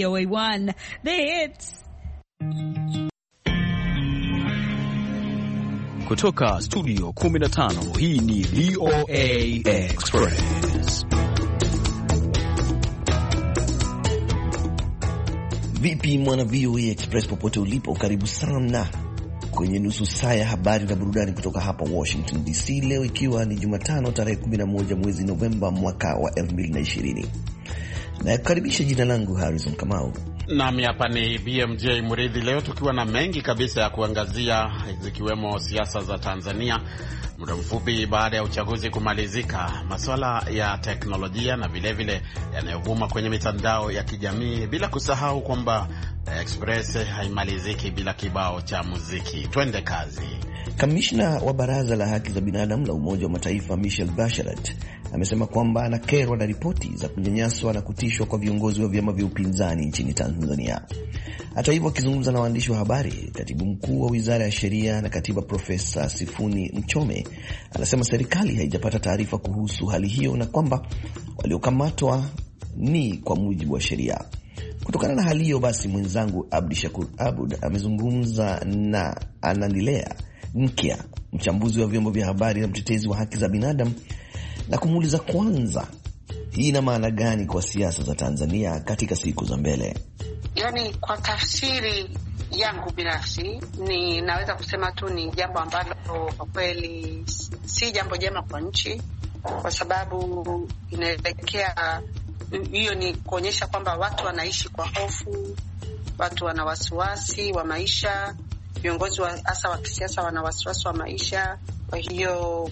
VOA1, The Hits. Kutoka studio 15 hii ni VOA Express. Vipi mwana VOA Express popote ulipo, karibu sana kwenye nusu saa ya habari na burudani kutoka hapa Washington DC, leo ikiwa ni Jumatano tarehe 11 mwezi Novemba mwaka wa 2020. Nakukaribisha, jina langu Harrison Kamau nami hapa ni BMJ Mridhi, leo tukiwa na mengi kabisa ya kuangazia zikiwemo siasa za Tanzania Muda mfupi baada ya uchaguzi kumalizika, masuala ya teknolojia na vilevile yanayovuma kwenye mitandao ya kijamii, bila kusahau kwamba eh, Express haimaliziki bila kibao cha muziki. Twende kazi. Kamishna wa baraza la haki za binadamu la Umoja wa Mataifa Michelle Bachelet amesema kwamba anakerwa na ripoti za kunyanyaswa na kutishwa kwa viongozi wa vyama vya upinzani nchini Tanzania. Hata hivyo, akizungumza na waandishi wa habari, katibu mkuu wa wizara ya sheria na katiba Profesa Sifuni Mchome Anasema serikali haijapata taarifa kuhusu hali hiyo na kwamba waliokamatwa ni kwa mujibu wa sheria. Kutokana na hali hiyo basi, mwenzangu Abdi Shakur Abud amezungumza na Ananilea Nkya, mchambuzi wa vyombo vya habari na mtetezi wa haki za binadamu, na kumuuliza kwanza, hii ina maana gani kwa siasa za Tanzania katika siku za mbele? Yani, kwa tafsiri yangu binafsi, ninaweza kusema tu ni jambo ambalo kwa kweli si jambo jema kwa nchi, kwa sababu inaelekea hiyo ni kuonyesha kwamba watu wanaishi kwa hofu, watu wana wasiwasi wa maisha, viongozi hasa wa kisiasa wana wasiwasi wa maisha. Kwa hiyo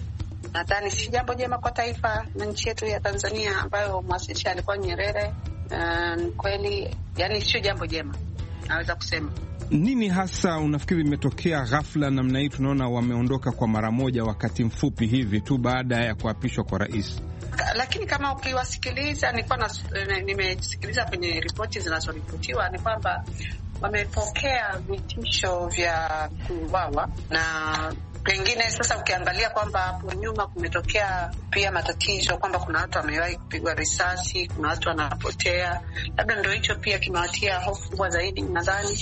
nadhani si jambo jema kwa taifa na nchi yetu ya Tanzania ambayo mwasisi alikuwa Nyerere. Eh, kweli yani sio jambo jema, naweza kusema. Nini hasa unafikiri imetokea ghafla namna hii? Tunaona wameondoka kwa mara moja, wakati mfupi hivi tu baada ya kuapishwa kwa rais. Lakini kama ukiwasikiliza, nilikuwa nimesikiliza kwenye ripoti zinazoripotiwa ni kwamba wamepokea vitisho vya kuuawa na pengine sasa, ukiangalia kwamba hapo nyuma kumetokea pia matatizo kwamba kuna watu wamewahi kupigwa risasi, kuna watu wanapotea, labda ndo hicho pia kimewatia hofu kubwa zaidi, nadhani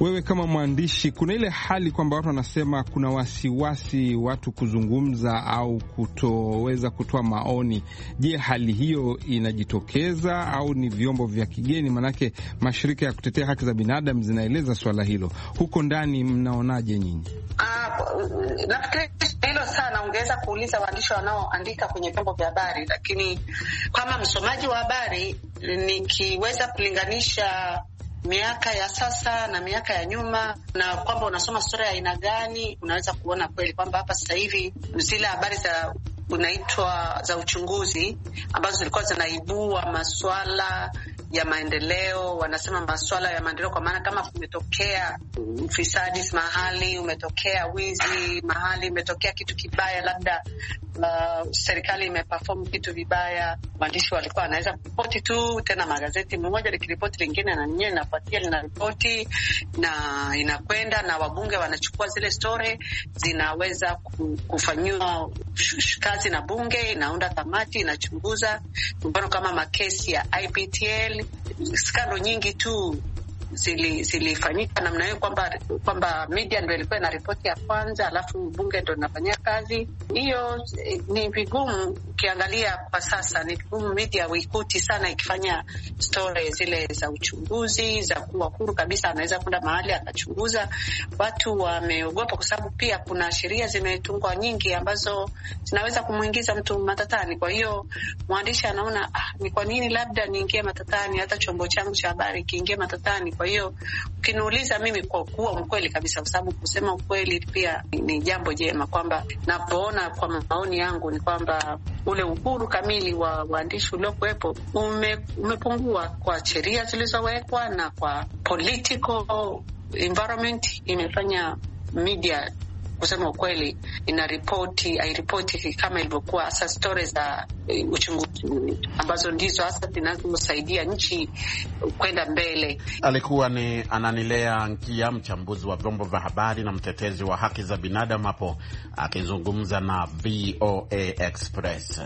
wewe kama mwandishi, kuna ile hali kwamba watu wanasema kuna wasiwasi watu kuzungumza au kutoweza kutoa maoni. Je, hali hiyo inajitokeza au ni vyombo vya kigeni? Maanake mashirika ya kutetea haki za binadamu zinaeleza swala hilo. Huko ndani mnaonaje nyinyi? Ah, nafikiri hilo sana, ungeweza kuuliza waandishi wanaoandika kwenye vyombo vya habari, lakini kama msomaji wa habari nikiweza kulinganisha miaka ya sasa na miaka ya nyuma, na kwamba unasoma sura ya aina gani, unaweza kuona kweli kwamba hapa sasa hivi zile habari za unaitwa za uchunguzi ambazo zilikuwa zinaibua maswala ya maendeleo, wanasema maswala ya maendeleo kwa maana kama kumetokea ufisadi mahali, umetokea wizi mahali, umetokea kitu kibaya labda na uh, serikali imeperform kitu vibaya, waandishi walikuwa wanaweza kuripoti tu, tena magazeti mmoja likiripoti lingine na nyingine lina linaripoti na inakwenda, na wabunge wanachukua zile story zinaweza kufanyiwa kazi na bunge, inaunda kamati inachunguza, mfano kama makesi ya IPTL, skando nyingi tu zilifanyika zili namna hiyo kwamba kwamba media ndo ilikuwa na ripoti ya kwanza, alafu bunge ndo linafanyia kazi hiyo. Eh, ni vigumu ukiangalia kwa sasa, ni vigumu media uikuti sana ikifanya stori zile za uchunguzi za kuwa huru kabisa, anaweza kwenda mahali akachunguza. Watu wameogopa, kwa sababu pia kuna sheria zimetungwa nyingi ambazo zinaweza kumwingiza mtu matatani. Kwa hiyo mwandishi anaona ah, ni kwa nini labda niingie matatani, hata chombo changu cha habari kiingie matatani kwa hiyo ukiniuliza mimi, kwa kuwa mkweli kabisa, kwa sababu kusema ukweli pia ni jambo jema, kwamba napoona kwa maoni yangu ni kwamba ule uhuru kamili wa waandishi uliokuwepo ume, umepungua kwa sheria zilizowekwa na kwa political environment imefanya media kusema ukweli, ina ripoti airipoti kama ilivyokuwa hasa stori za uh, uchunguzi ambazo ndizo hasa zinazosaidia nchi kwenda mbele. Alikuwa ni Ananilea Nkia, mchambuzi wa vyombo vya habari na mtetezi wa haki za binadamu, hapo akizungumza na VOA Express.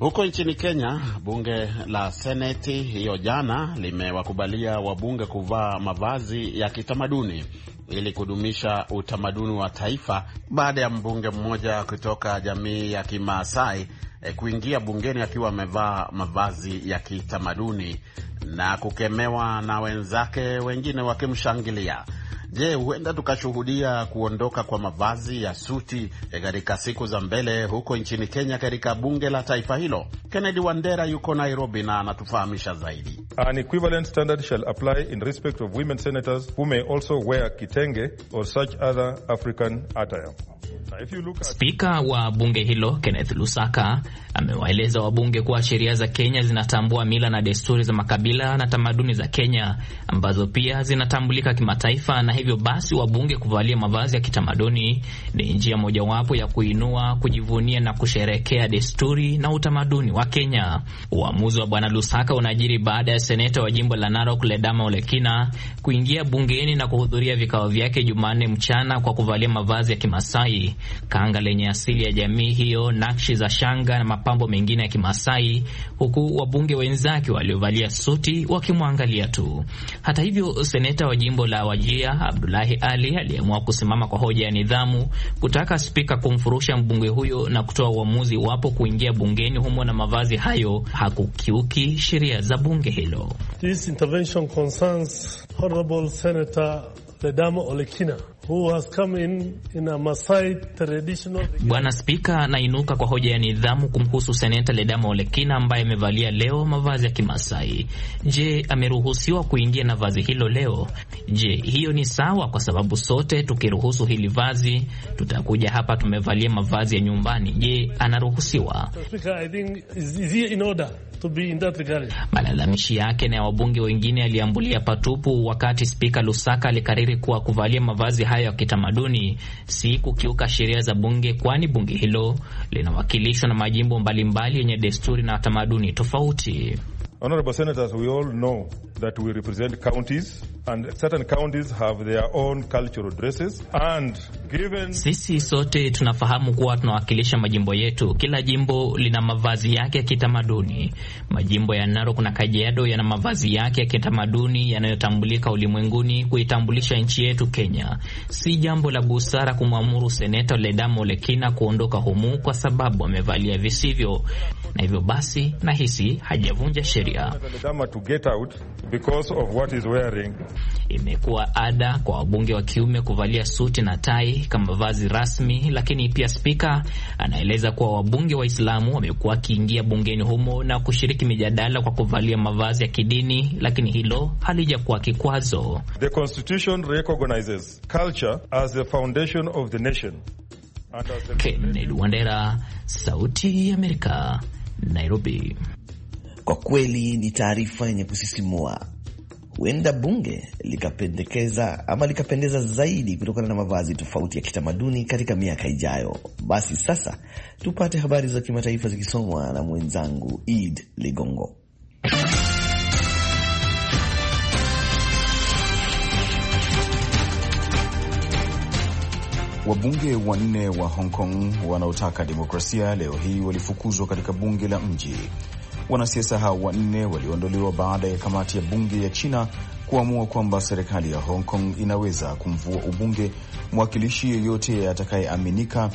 Huko nchini Kenya, bunge la seneti hiyo jana limewakubalia wabunge kuvaa mavazi ya kitamaduni ili kudumisha utamaduni wa taifa taifa baada ya mbunge mmoja kutoka jamii ya Kimaasai eh, kuingia bungeni akiwa amevaa mavazi ya kitamaduni na kukemewa na wenzake wengine wakimshangilia. Je, huenda tukashuhudia kuondoka kwa mavazi ya suti eh, katika siku za mbele huko nchini Kenya katika bunge la taifa hilo? Kennedy Wandera yuko Nairobi na anatufahamisha zaidi. An equivalent standard shall apply in respect of women senators who may also wear kitenge or such other African attire. At... Spika wa bunge hilo Kenneth Lusaka amewaeleza wabunge kuwa sheria za Kenya zinatambua mila na desturi za makabila na tamaduni za Kenya ambazo pia zinatambulika kimataifa na hivyo basi wabunge kuvalia mavazi ya kitamaduni ni njia mojawapo ya kuinua, kujivunia na kusherekea desturi na utamaduni wa Kenya. Uamuzi wa Bwana Lusaka unajiri baada ya seneta wa jimbo la Narok Ledama Olekina kuingia bungeni na kuhudhuria vikao vyake Jumanne mchana kwa kuvalia mavazi ya Kimasai, kanga lenye asili ya jamii hiyo, nakshi za shanga na mapambo mengine ya Kimasai, huku wabunge wenzake waliovalia suti wakimwangalia tu. Hata hivyo, seneta wa jimbo la Wajia Abdulahi Ali aliamua kusimama kwa hoja ya nidhamu, kutaka spika kumfurusha mbunge huyo na kutoa uamuzi iwapo kuingia bungeni humo na mavazi hayo hakukiuki sheria za bunge hilo. This intervention concerns Honorable Senator Ledamo Olekina. Bwana Spika, nainuka kwa hoja ya nidhamu kumhusu seneta Ledama Olekina ambaye amevalia leo mavazi ya Kimasai. Je, ameruhusiwa kuingia na vazi hilo leo? Je, hiyo ni sawa? Kwa sababu sote tukiruhusu hili vazi tutakuja hapa tumevalia mavazi ya nyumbani. Je, anaruhusiwa? Malalamishi yake na ya wabunge wengine aliambulia patupu, wakati spika Lusaka alikariri kuwa kuvalia mavazi hayo ya kitamaduni si kukiuka sheria za bunge, kwani bunge hilo linawakilishwa na majimbo mbalimbali yenye desturi na tamaduni tofauti. Honorable Senators, we all know that we represent counties and certain counties have their own cultural dresses and given... Sisi sote tunafahamu kuwa tunawakilisha majimbo yetu. Kila jimbo lina mavazi yake ya kitamaduni. Majimbo ya Narok na Kajiado yana mavazi yake ya kitamaduni yanayotambulika ulimwenguni kuitambulisha nchi yetu Kenya. Si jambo la busara kumwamuru seneta Ledama Olekina kuondoka humu kwa sababu amevalia visivyo, na hivyo basi nahisi hajavunja sheria because of what he's wearing. Imekuwa ada kwa wabunge wa kiume kuvalia suti na tai kama vazi rasmi, lakini pia spika anaeleza kuwa wabunge Waislamu wamekuwa wakiingia bungeni humo na kushiriki mijadala kwa kuvalia mavazi ya kidini, lakini hilo halijakuwa kikwazo. The constitution recognizes culture as the foundation of the nation. Kennedy Wandera, Sauti ya Amerika, Nairobi. Kwa kweli ni taarifa yenye kusisimua. Huenda bunge likapendekeza ama likapendeza zaidi kutokana na mavazi tofauti ya kitamaduni katika miaka ijayo. Basi sasa tupate habari za kimataifa zikisomwa na mwenzangu Id Ligongo. Wabunge wanne wa Hong Kong wanaotaka demokrasia leo hii walifukuzwa katika bunge la mji Wanasiasa hao wanne walioondolewa baada ya kamati ya bunge ya China kuamua kwamba serikali ya Hong Kong inaweza kumvua ubunge mwakilishi yeyote atakayeaminika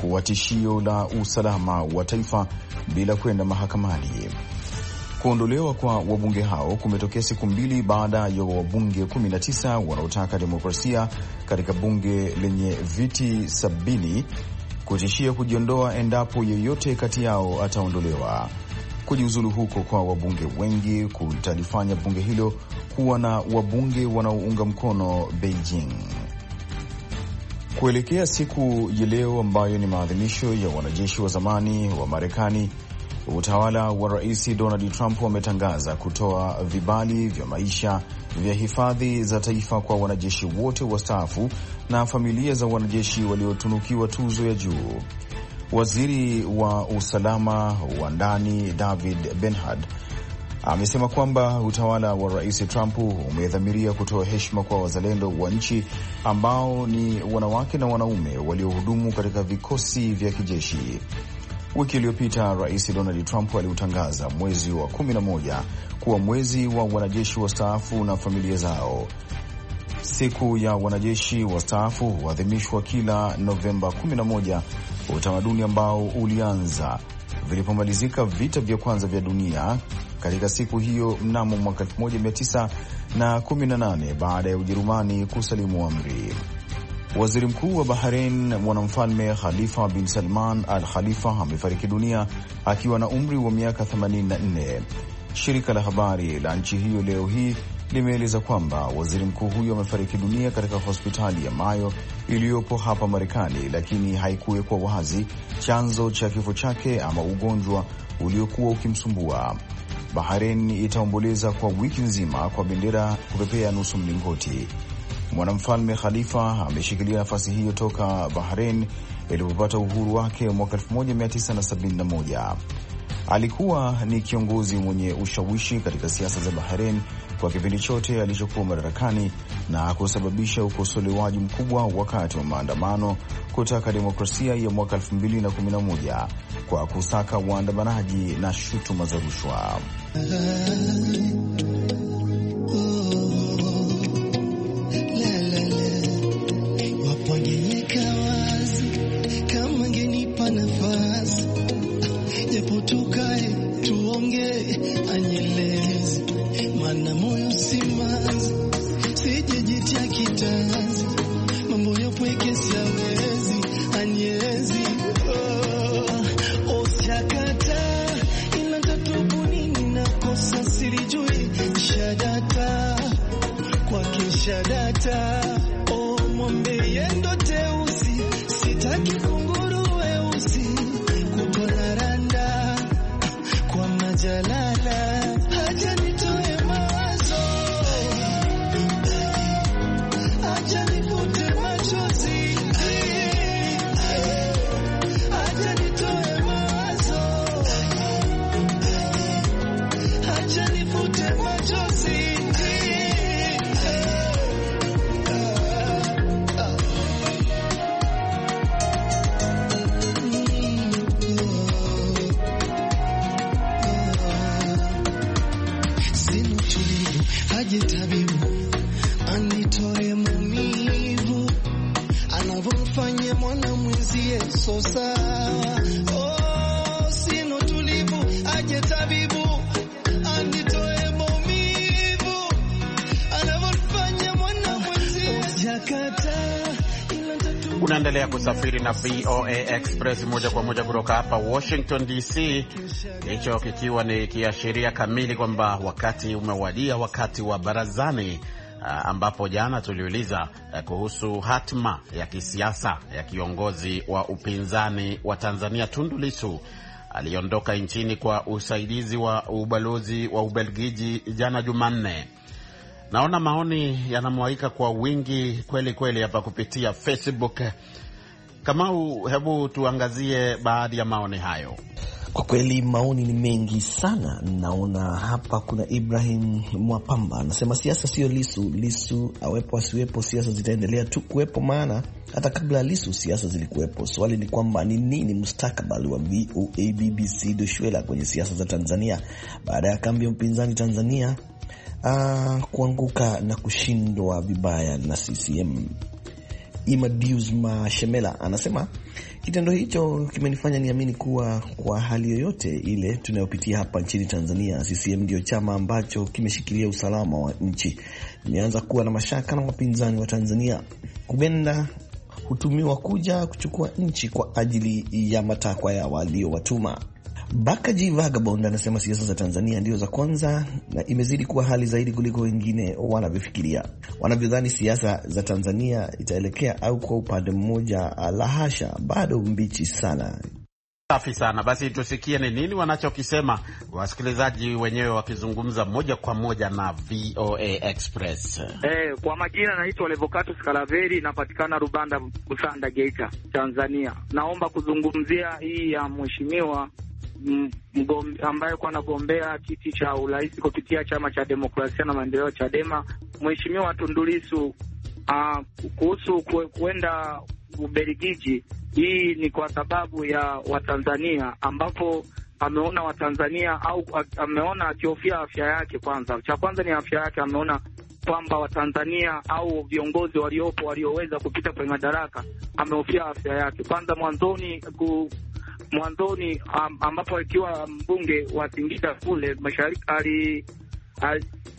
kuwa tishio la usalama wa taifa bila kwenda mahakamani. Kuondolewa kwa wabunge hao kumetokea siku mbili baada ya wabunge 19 wanaotaka demokrasia katika bunge lenye viti 7b kutishia kujiondoa endapo yeyote kati yao ataondolewa. Kujiuzulu huko kwa wabunge wengi kutalifanya bunge hilo kuwa na wabunge wanaounga mkono Beijing. Kuelekea siku ya leo ambayo ni maadhimisho ya wanajeshi wa zamani wa Marekani, utawala wa Rais Donald Trump wametangaza kutoa vibali vya maisha vya hifadhi za taifa kwa wanajeshi wote wastaafu na familia za wanajeshi waliotunukiwa tuzo ya juu. Waziri wa usalama wa ndani David Benhard amesema kwamba utawala wa Rais Trump umedhamiria kutoa heshima kwa wazalendo wa nchi ambao ni wanawake na wanaume waliohudumu katika vikosi vya kijeshi. Wiki iliyopita Rais Donald Trump aliutangaza mwezi wa 11 kuwa mwezi wa wanajeshi wastaafu na familia zao. Siku ya wanajeshi wastaafu huadhimishwa kila Novemba 11 utamaduni ambao ulianza vilipomalizika vita vya kwanza vya dunia katika siku hiyo mnamo mwaka 1918 baada ya Ujerumani kusalimu amri. Waziri Mkuu wa Bahrain mwanamfalme Khalifa bin Salman Al Khalifa amefariki dunia akiwa na umri wa miaka 84. Shirika la habari la nchi hiyo leo hii limeeleza kwamba waziri mkuu huyo amefariki dunia katika hospitali ya Mayo iliyopo hapa Marekani, lakini haikuwekwa wazi chanzo cha kifo chake ama ugonjwa uliokuwa ukimsumbua. Bahrein itaomboleza kwa wiki nzima kwa bendera kupepea nusu mlingoti. Mwanamfalme Khalifa ameshikilia nafasi hiyo toka Bahrein ilipopata uhuru wake mwaka 1971. Alikuwa ni kiongozi mwenye ushawishi katika siasa za Bahrein kwa kipindi chote alichokuwa madarakani na kusababisha ukosolewaji mkubwa wakati wa maandamano kutaka demokrasia ya mwaka 2011 kwa kusaka waandamanaji na shutuma za rushwa. acha nifute machozi usafiri na VOA Express moja kwa moja kutoka hapa Washington DC, hicho kikiwa ni kiashiria kamili kwamba wakati umewadia, wakati wa barazani ah, ambapo jana tuliuliza eh, kuhusu hatma ya kisiasa ya kiongozi wa upinzani wa Tanzania Tundu Lissu aliondoka nchini kwa usaidizi wa ubalozi wa Ubelgiji jana Jumanne. Naona maoni yanamwaika kwa wingi kweli kweli hapa kupitia Facebook. Kamau, hebu tuangazie baadhi ya maoni hayo. Kwa kweli maoni ni mengi sana. Naona hapa kuna Ibrahim Mwapamba anasema siasa sio Lisu. Lisu awepo asiwepo, siasa zitaendelea tu kuwepo, maana hata kabla ya Lisu siasa zilikuwepo. Swali ni kwamba ni nini mustakabali wa VOA BBC Doshwela kwenye siasa za Tanzania baada ya kambi ya upinzani Tanzania Uh, kuanguka na kushindwa vibaya na CCM. Imadius Mashemela anasema kitendo hicho kimenifanya niamini kuwa kwa hali yoyote ile tunayopitia hapa nchini Tanzania, CCM ndio chama ambacho kimeshikilia usalama wa nchi. Nimeanza kuwa na mashaka na wapinzani wa Tanzania, kubenda hutumiwa kuja kuchukua nchi kwa ajili ya matakwa ya waliowatuma. Bakaji Vagabond anasema siasa za Tanzania ndio za kwanza na imezidi kuwa hali zaidi kuliko wengine wanavyofikiria, wanavyodhani siasa za Tanzania itaelekea au kwa upande mmoja. La hasha, bado mbichi sana. Safi sana. Basi tusikie ni nini wanachokisema wasikilizaji wenyewe wakizungumza moja kwa moja na VOA Express. Eh, kwa majina naitwa Levocatus Kalaveri, napatikana Rubanda, Busanda, Geita, Tanzania. Naomba kuzungumzia hii ya mheshimiwa Mm, ambaye alikuwa anagombea kiti cha urais kupitia chama cha demokrasia na maendeleo Chadema, Mheshimiwa Tundu Lissu ah, kuhusu kuenda Ubelgiji. Hii ni kwa sababu ya Watanzania ambapo ameona Watanzania au ameona akihofia afya yake. Kwanza, cha kwanza ni afya yake. Ameona kwamba Watanzania au viongozi waliopo walioweza kupita kwenye madaraka, amehofia afya yake. Kwanza mwanzoni ku, mwanzoni, ambapo akiwa mbunge wa Singida kule mashariki ali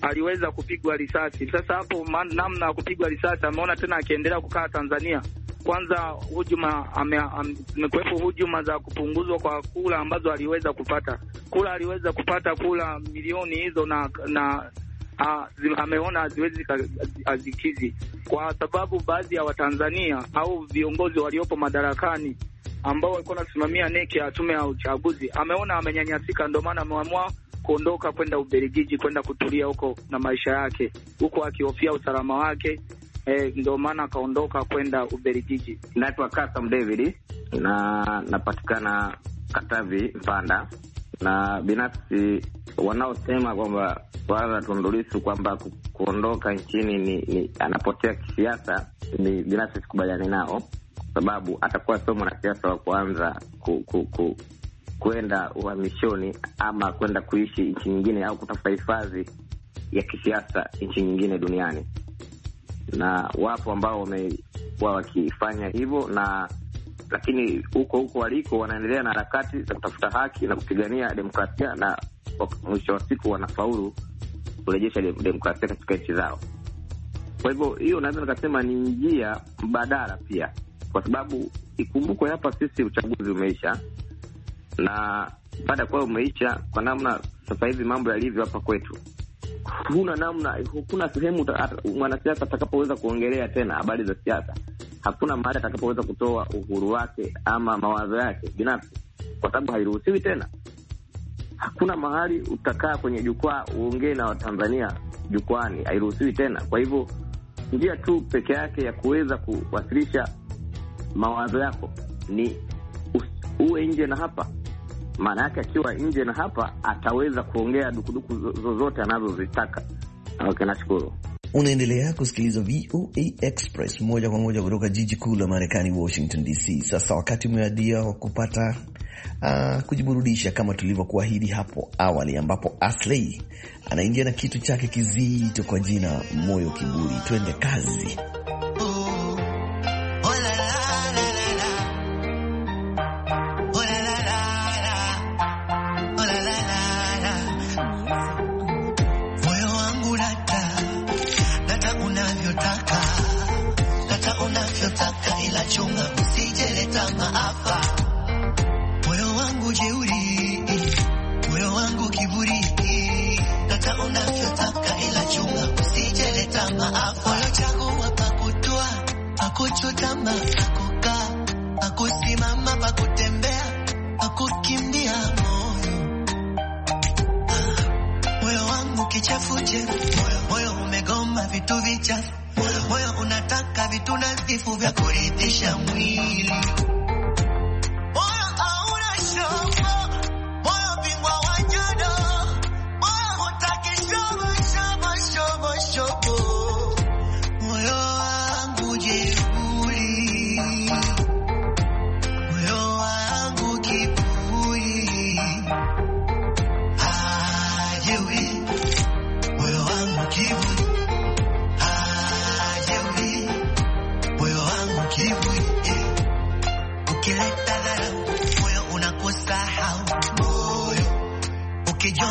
aliweza kupigwa risasi. Sasa hapo namna ya kupigwa risasi, ameona tena akiendelea kukaa Tanzania kwanza hujuma amekuwepo ame, hujuma za kupunguzwa kwa kura ambazo aliweza kupata kura aliweza kupata kura milioni hizo na, na a, zi, ameona haziwezi azikizi, kwa sababu baadhi ya Watanzania au viongozi waliopo madarakani ambao walikuwa wanasimamia neki ya tume ya uchaguzi ameona amenyanyasika, ndio maana ameamua kuondoka kwenda Ubelgiji, kwenda kutulia huko na maisha yake huko, akihofia usalama wake. E, ndio maana akaondoka kwenda Ubelgiji. Naitwa Kasam David na napatikana Katavi, Mpanda. Na binafsi wanaosema kwamba swala la Tundu Lissu kwamba kuondoka nchini ni, ni anapotea kisiasa, ni binafsi sikubaliani nao sababu atakuwa sio mwanasiasa wa kuanza ku, ku, ku kwenda uhamishoni ama kwenda kuishi nchi nyingine au kutafuta hifadhi ya kisiasa nchi nyingine duniani, na wapo ambao wamekuwa wakifanya hivyo na lakini huko huko waliko wanaendelea na harakati za kutafuta haki na kupigania demokrasia, na mwisho wa siku wanafaulu kurejesha demokrasia katika nchi zao. Kwa hivyo hiyo, naweza nikasema ni njia mbadala pia kwa sababu ikumbukwe hapa sisi uchaguzi umeisha, na baada ya kuwa umeisha, kwa namna sasa hivi mambo yalivyo hapa kwetu, huna namna, hakuna sehemu mwanasiasa atakapoweza kuongelea tena habari za siasa. Hakuna mahali atakapoweza kutoa uhuru wake ama mawazo yake binafsi, kwa sababu hairuhusiwi tena. Hakuna mahali utakaa kwenye jukwaa uongee na Watanzania jukwani, hairuhusiwi tena. Kwa hivyo njia tu peke yake ya kuweza kuwasilisha mawazo yako ni uwe nje na hapa. Maana yake akiwa nje na hapa ataweza kuongea dukuduku zozote anazozitaka. Okay, nashukuru. Unaendelea kusikiliza VOA Express moja kwa moja kutoka jiji kuu la Marekani, Washington DC. Sasa wakati umewadia wa kupata uh, kujiburudisha kama tulivyokuahidi hapo awali, ambapo Asley anaingia na kitu chake kizito kwa jina Moyo Kiburi. Twende kazi. pakuchutama, pakukaa, pakusimama, pakutembea, pakukimbia moyo. Ah, moyo wangu kichafuje, moyo, moyo umegoma vitu vichafu, moyo unataka vitu nadhifu vya kuridhisha mwili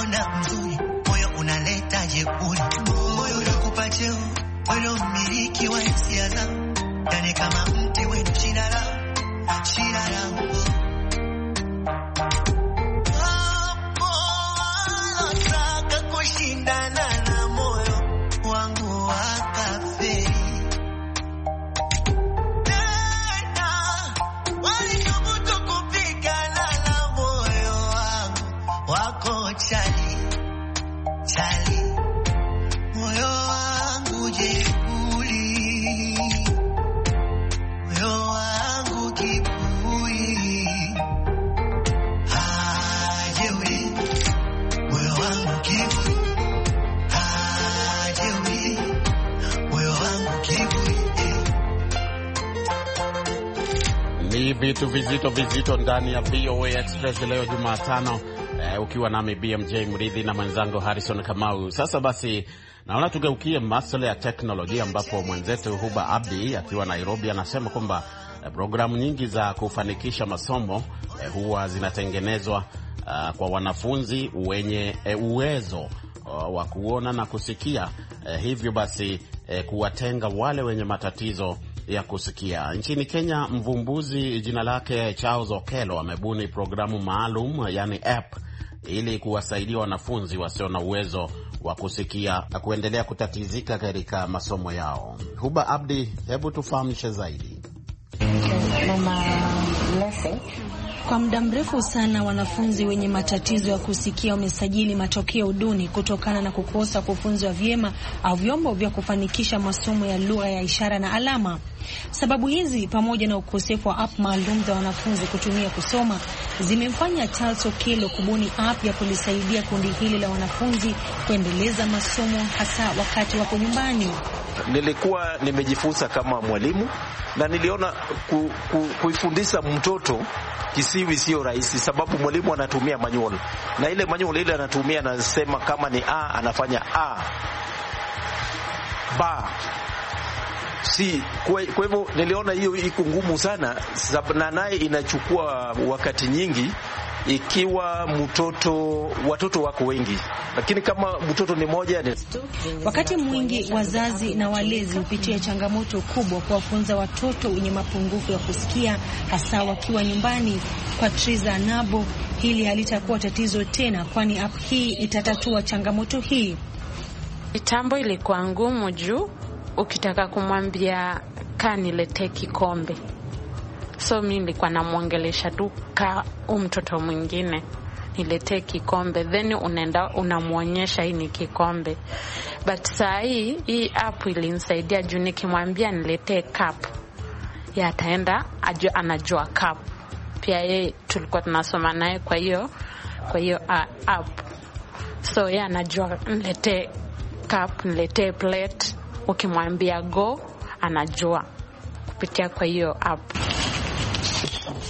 unaona mzuri, moyo unaleta jeuri, moyo unakupa cheo, wewe mmiliki wa hisia zangu, yani kama mti wetu china vitu vizito vizito ndani ya VOA Express leo Jumatano, eh, ukiwa nami BMJ Mridhi na mwenzangu Harrison Kamau. Sasa basi, naona tugeukie masuala ya teknolojia, ambapo mwenzetu Huba Abdi akiwa Nairobi anasema kwamba eh, programu nyingi za kufanikisha masomo eh, huwa zinatengenezwa uh, kwa wanafunzi wenye eh, uwezo uh, wa kuona na kusikia eh, hivyo basi eh, kuwatenga wale wenye matatizo ya kusikia. Nchini Kenya, mvumbuzi jina lake Charles okelo amebuni programu maalum, yani app, ili kuwasaidia wanafunzi wasio na uwezo wa kusikia na kuendelea kutatizika katika masomo yao. Huba Abdi, hebu tufahamishe zaidi. kwa muda mrefu sana wanafunzi wenye matatizo ya kusikia wamesajili matokeo duni kutokana na kukosa kufunzwa vyema au vyombo vya kufanikisha masomo ya lugha ya ishara na alama. Sababu hizi pamoja na ukosefu wa app maalum za wanafunzi kutumia kusoma zimemfanya Charles Okello kubuni app ya kulisaidia kundi hili la wanafunzi kuendeleza masomo hasa wakati wako nyumbani. Nilikuwa nimejifunza kama mwalimu na niliona ku, ku, kuifundisha mtoto kisiwi sio rahisi, sababu mwalimu anatumia manual na ile manual ile anatumia, anasema kama ni a anafanya a ba si kwa hivyo niliona hiyo iko ngumu sana, na naye inachukua wakati nyingi ikiwa mtoto watoto wako wengi, lakini kama mtoto ni moja ni... Wakati mwingi wazazi na walezi hupitia changamoto kubwa kuwafunza watoto wenye mapungufu ya kusikia, hasa wakiwa nyumbani. Kwa Triza Nabo, hili halitakuwa tatizo tena, kwani app hii itatatua changamoto hii. Kitambo ilikuwa ngumu juu ukitaka kumwambia kaa nilete kikombe, so mi nilikuwa namwongelesha tu ka u mtoto mwingine nilete kikombe, then unaenda unamwonyesha hii ni kikombe. But saa hii hii app ilinisaidia juu nikimwambia niletee cup, ya ataenda ajua, anajua cup pia yeye tulikuwa tunasoma naye kwa hiyo kwa hiyo uh, app so yeye anajua niletee cup, niletee plate ukimwambia go anajua kupitia kwa hiyo app.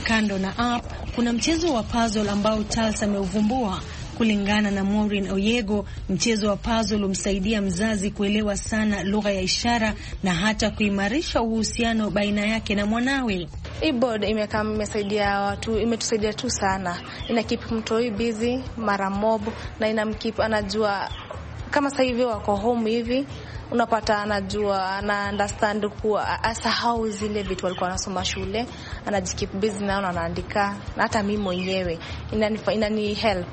Kando na app, kuna mchezo wa puzzle ambao Charles ameuvumbua. Kulingana na Maureen Oyego, mchezo wa puzzle humsaidia mzazi kuelewa sana lugha ya ishara na hata kuimarisha uhusiano baina yake na mwanawe. Hii board imekaa imesaidia watu, imetusaidia tu sana, inakip hii busy mara mob na inamkip anajua kama sasa hivi wako home hivi unapata anajua, ana understand kuwa asahau zile vitu alikuwa anasoma shule, anajikip busy nayo, anaandika. Na hata mimi mwenyewe inani, inani help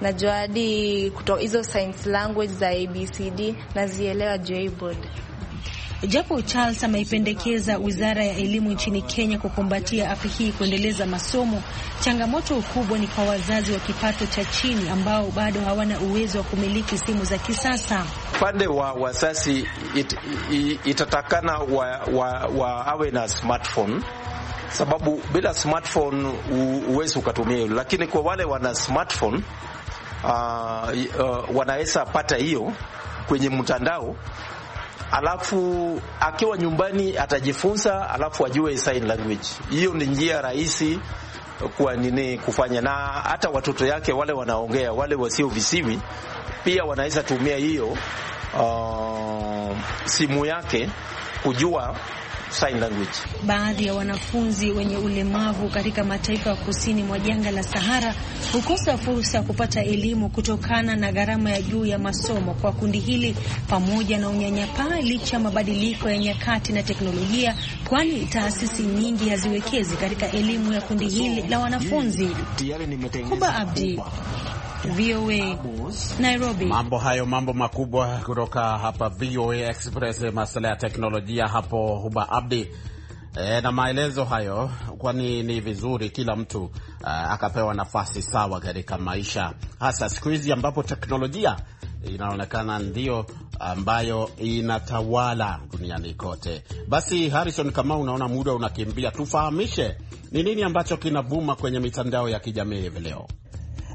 najua hadi hizo science language za ABCD nazielewa juu ya board. Japo Charles ameipendekeza wizara ya elimu nchini Kenya kukumbatia afi hii kuendeleza masomo, changamoto kubwa ni kwa wazazi wa kipato cha chini ambao bado hawana uwezo wa kumiliki simu za kisasa. Upande wa wazazi it, it, itatakana wa, wa, wa awe na smartphone sababu bila smartphone huwezi ukatumia hilo, lakini kwa wale wana smartphone uh, ah, uh, ah, wanaweza pata hiyo kwenye mtandao alafu akiwa nyumbani atajifunza, alafu ajue sign language. Hiyo ni njia rahisi kwa nini kufanya, na hata watoto yake wale wanaongea wale wasio visiwi pia wanaweza tumia hiyo uh, simu yake kujua sign language. Baadhi ya wanafunzi wenye ulemavu katika mataifa ya kusini mwa jangwa la Sahara hukosa fursa ya kupata elimu kutokana na gharama ya juu ya masomo kwa kundi hili, pamoja na unyanyapaa, licha ya mabadiliko ya nyakati na teknolojia, kwani taasisi nyingi haziwekezi katika elimu ya kundi hili la wanafunzi. Kuba Abdi, VOA Nairobi. Mambo hayo mambo makubwa kutoka hapa VOA Express, masuala ya teknolojia hapo Huba Abdi. E, na maelezo hayo, kwani ni vizuri kila mtu uh, akapewa nafasi sawa katika maisha, hasa siku hizi ambapo teknolojia inaonekana ndiyo ambayo inatawala duniani kote. Basi Harrison, kama unaona muda unakimbia, tufahamishe ni nini ambacho kinavuma kwenye mitandao ya kijamii hivi leo?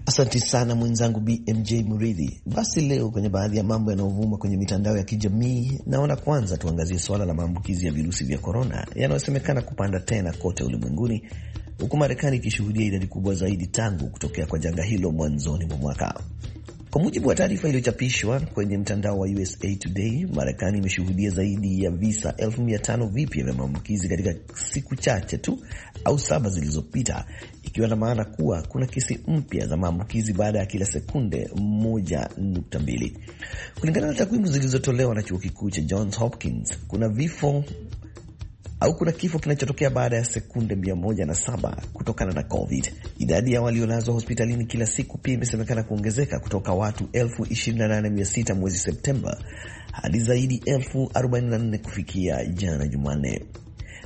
asanti sana mwenzangu BMJ Muridhi. Basi leo kwenye baadhi ya mambo yanayovuma kwenye mitandao ya kijamii, naona kwanza tuangazie suala la maambukizi ya virusi vya korona yanayosemekana kupanda tena kote ulimwenguni, huku Marekani ikishuhudia idadi kubwa zaidi tangu kutokea kwa janga hilo mwanzoni mwa mwaka. Kwa mujibu wa taarifa iliyochapishwa kwenye mtandao wa USA Today, Marekani imeshuhudia zaidi ya visa 1500 vipya vya maambukizi katika siku chache tu au saba zilizopita, ikiwa na maana kuwa kuna kesi mpya za maambukizi baada ya kila sekunde 1.2. Kulingana na takwimu zilizotolewa na chuo kikuu cha Johns Hopkins, kuna vifo au kuna kifo kinachotokea baada ya sekunde 107 kutokana na COVID. Idadi ya waliolazwa hospitalini kila siku pia imesemekana kuongezeka kutoka watu 28600 mwezi Septemba hadi zaidi 1044 kufikia jana Jumanne.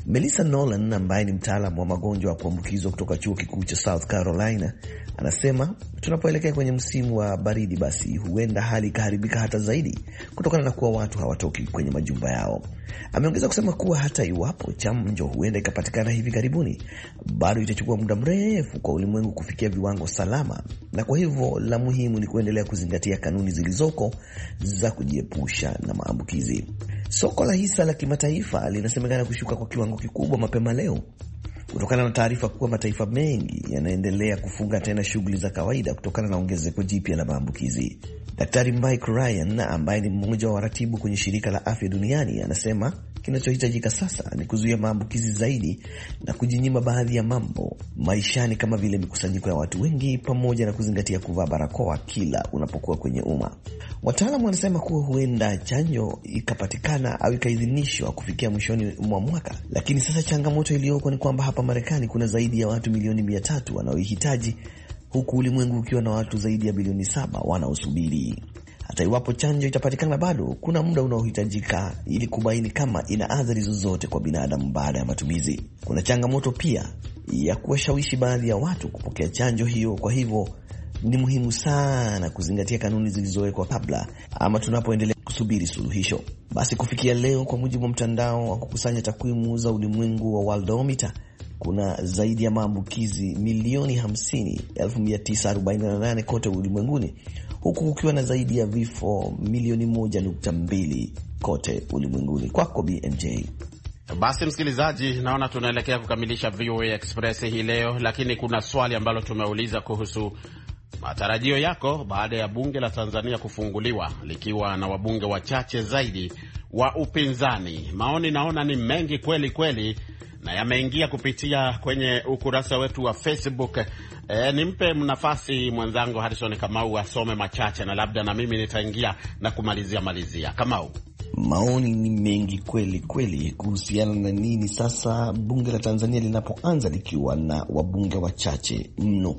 Melissa Nolan ambaye ni mtaalam wa magonjwa ya kuambukizwa kutoka chuo kikuu cha South Carolina anasema tunapoelekea kwenye msimu wa baridi, basi huenda hali ikaharibika hata zaidi kutokana na kuwa watu hawatoki kwenye majumba yao. Ameongeza kusema kuwa hata iwapo chanjo huenda ikapatikana hivi karibuni, bado itachukua muda mrefu kwa ulimwengu kufikia viwango salama, na kwa hivyo la muhimu ni kuendelea kuzingatia kanuni zilizoko za kujiepusha na maambukizi. Soko la hisa la kimataifa linasemekana kushuka kwa kiwango kiwango kikubwa mapema leo kutokana na taarifa kuwa mataifa mengi yanaendelea kufunga tena shughuli za kawaida kutokana na ongezeko jipya la maambukizi. Daktari Mike Ryan ambaye ni mmoja wa waratibu kwenye shirika la afya duniani anasema Kinachohitajika sasa ni kuzuia maambukizi zaidi na kujinyima baadhi ya mambo maishani kama vile mikusanyiko ya watu wengi, pamoja na kuzingatia kuvaa barakoa kila unapokuwa kwenye umma. Wataalamu wanasema kuwa huenda chanjo ikapatikana au ikaidhinishwa kufikia mwishoni mwa mwaka, lakini sasa changamoto iliyoko ni kwamba hapa Marekani kuna zaidi ya watu milioni mia tatu wanaoihitaji huku ulimwengu ukiwa na watu zaidi ya bilioni saba wanaosubiri. Hata iwapo chanjo itapatikana, bado kuna muda unaohitajika ili kubaini kama ina athari zozote kwa binadamu baada ya matumizi. Kuna changamoto pia ya kuwashawishi baadhi ya watu kupokea chanjo hiyo. Kwa hivyo ni muhimu sana kuzingatia kanuni zilizowekwa kabla ama tunapoendelea kusubiri suluhisho. Basi kufikia leo, kwa mujibu wa mtandao wa kukusanya takwimu za ulimwengu wa Worldometer, kuna zaidi ya maambukizi milioni 50,948 kote ulimwenguni huku kukiwa na zaidi ya vifo milioni moja nukta mbili kote ulimwenguni. Kwako BMJ. Basi msikilizaji, naona tunaelekea kukamilisha VOA Express hii leo, lakini kuna swali ambalo tumeuliza kuhusu matarajio yako baada ya bunge la Tanzania kufunguliwa likiwa na wabunge wachache zaidi wa upinzani. Maoni naona ni mengi kweli kweli na yameingia kupitia kwenye ukurasa wetu wa Facebook. E, nimpe nafasi mwenzangu Harrison Kamau asome machache na labda na mimi nitaingia na kumalizia malizia. Kamau, maoni ni mengi kweli kweli kuhusiana na nini sasa bunge la Tanzania linapoanza likiwa na wabunge wachache mno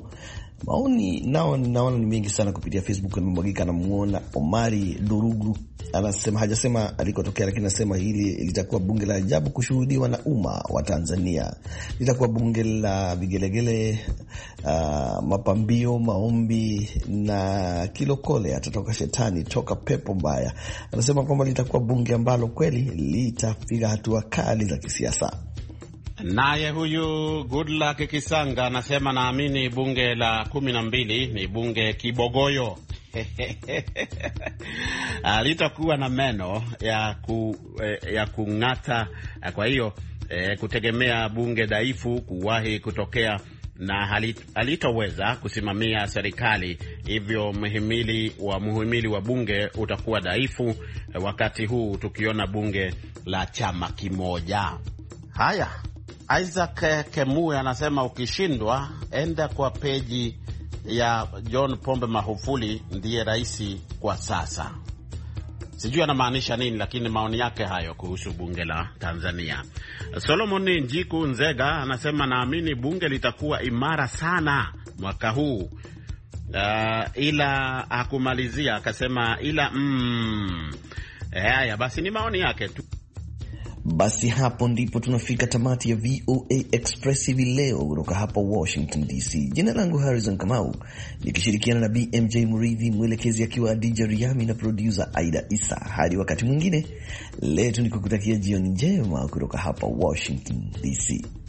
Maoni nao ninaona ni mengi sana kupitia Facebook yamemwagika. Namuona Omari Durugu anasema, hajasema alikotokea, lakini anasema hili litakuwa bunge la ajabu kushuhudiwa na umma wa Tanzania. Litakuwa bunge la vigelegele, uh, mapambio, maombi na kilokole, atatoka shetani toka pepo mbaya. Anasema kwamba litakuwa bunge ambalo kweli litapiga hatua kali za kisiasa. Naye huyu Goodluck Kisanga anasema naamini bunge la kumi na mbili ni bunge kibogoyo alitakuwa na meno ya, ku, eh, ya kung'ata. Eh, kwa hiyo eh, kutegemea bunge dhaifu kuwahi kutokea na halitoweza kusimamia serikali, hivyo mhimili wa muhimili wa bunge utakuwa dhaifu, eh, wakati huu tukiona bunge la chama kimoja. Haya, Isaac Kemue anasema ukishindwa, enda kwa peji ya John Pombe Magufuli ndiye rais kwa sasa. Sijui anamaanisha nini, lakini maoni yake hayo kuhusu bunge la Tanzania. Solomon Njiku Nzega anasema naamini bunge litakuwa imara sana mwaka huu. Uh, ila akumalizia akasema ila mm. Haya basi, ni maoni yake tu. Basi hapo ndipo tunafika tamati ya VOA Express hivi leo, kutoka hapa Washington DC. Jina langu Harrison Kamau, nikishirikiana na BMJ Muridhi, mwelekezi akiwa Adija Riami na produsa Aida Isa. Hadi wakati mwingine, letu ni kukutakia jioni njema kutoka hapa Washington DC.